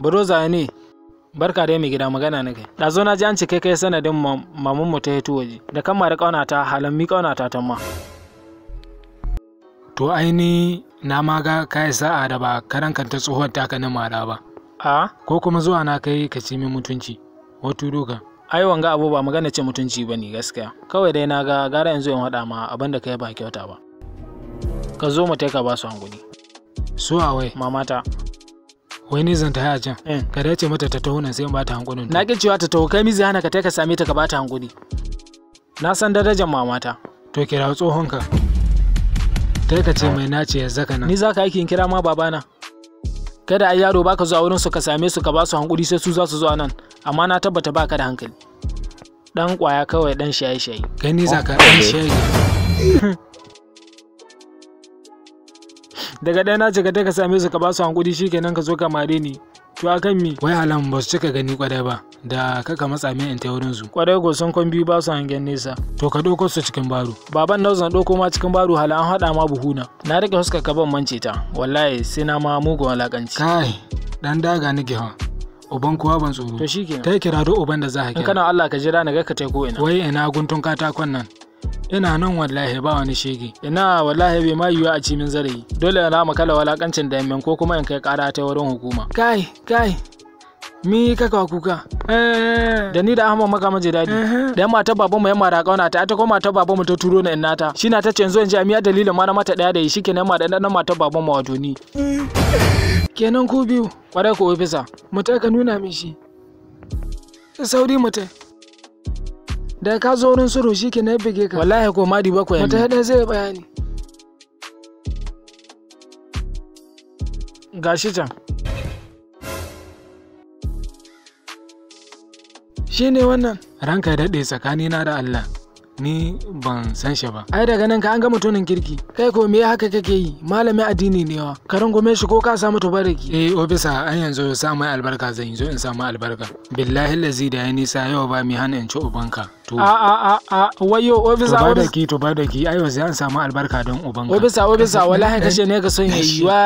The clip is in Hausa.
Broza Zani, barka dai mai gida magana na kai. Ɗazo na ji an cike kai sanadin mamanmu ta hito waje, da kan mara ƙaunata halammi ƙaunata ta ma. To aini na ma ga kai sa'a da ba karankan ta tsohon taka na mara ba. A? Ko kuma zuwa na kai ka ci min mutunci, wato doka. Ai wanga abu ba magana ce mutunci ba ne gaskiya. Kawai dai na ga gara yanzu in haɗa ma abin da kai ba kyauta ba. Ka zo mu taika ba su hanguni. Su awai. Mamata. wai ni zan tafi a can eh. ka dace mata ta taho nan sai in bata hankulin na ki cewa ta taho kai mizi hana ka tai ka same ta ka bata hankuli na san darajar mamata to kira tsohon ka tai ka ce mai nace ya zaka nan ni zaka aikin kira ma babana kada ai yaro baka zuwa wurin su ka same su ka ba su hankuli sai su za su zuwa nan amma na tabbata baka da hankali dan kwaya kawai dan shaye-shaye kai ni zaka dan shaye daga ɗaya na ce ka ka same su ka ba su hankuri shikenan ka zo ka mare ni to akan mi wai alam ba su cika gani kwadai ba da kaka matsa min in ta wurin su kwadai ko sun kon biyu ba su hangen nesa to ka ɗauko su cikin baro baban na zan ɗauko ma cikin baro hala an haɗa ma buhuna na rike huska ka ban mance ta wallahi sai na ma mugun alaƙanci kai dan daga nake ha uban kuwa ban tsoro to shikenan kai kira do uban da za ka kira kana Allah ka jira na ga ka tai ko ina wai ina guntun katakon nan ina nan wallahi ba wani shege ina wallahi bai ma yiwu a ci min zarayi dole na kala walakancin da ko kuma in kai kara ta wurin hukuma kai kai mi kaka kuka eh. da ni da ahmad maka maje dadi eh. da yamma ta babanmu yamma da kauna ta ta koma ta babanmu ta turo na innata shi na ta ce yanzu in ji amiya dalilin ma na mata daya da shi kenan ma da dan mata babanmu wato ni kenan ku biyu kwarai ku ofisa mu ta ka nuna min shi sauri mutai da ka zo wurin suru shi ke na bige ka wallahi ko madi bakwai ko mata hada zai bayani gashi can shi ne wannan ranka ya daɗe tsakanina da Allah ni ban san shi ba ai daga nan ka an ga mutumin kirki kai ko me haka kake yi Malami addini ne wa ka rungume shi ko ka samu tubariki eh ofisa an yanzu ya samu albarka zan yanzu in samu albarka billahi lazi da ya nisa yau ba mi hana in ci ubanka to a a a a wayo ofisa Tubaraki tubaraki ai yanzu an samu albarka don ubanka ofisa ofisa wallahi kashe ne ka son yayi wa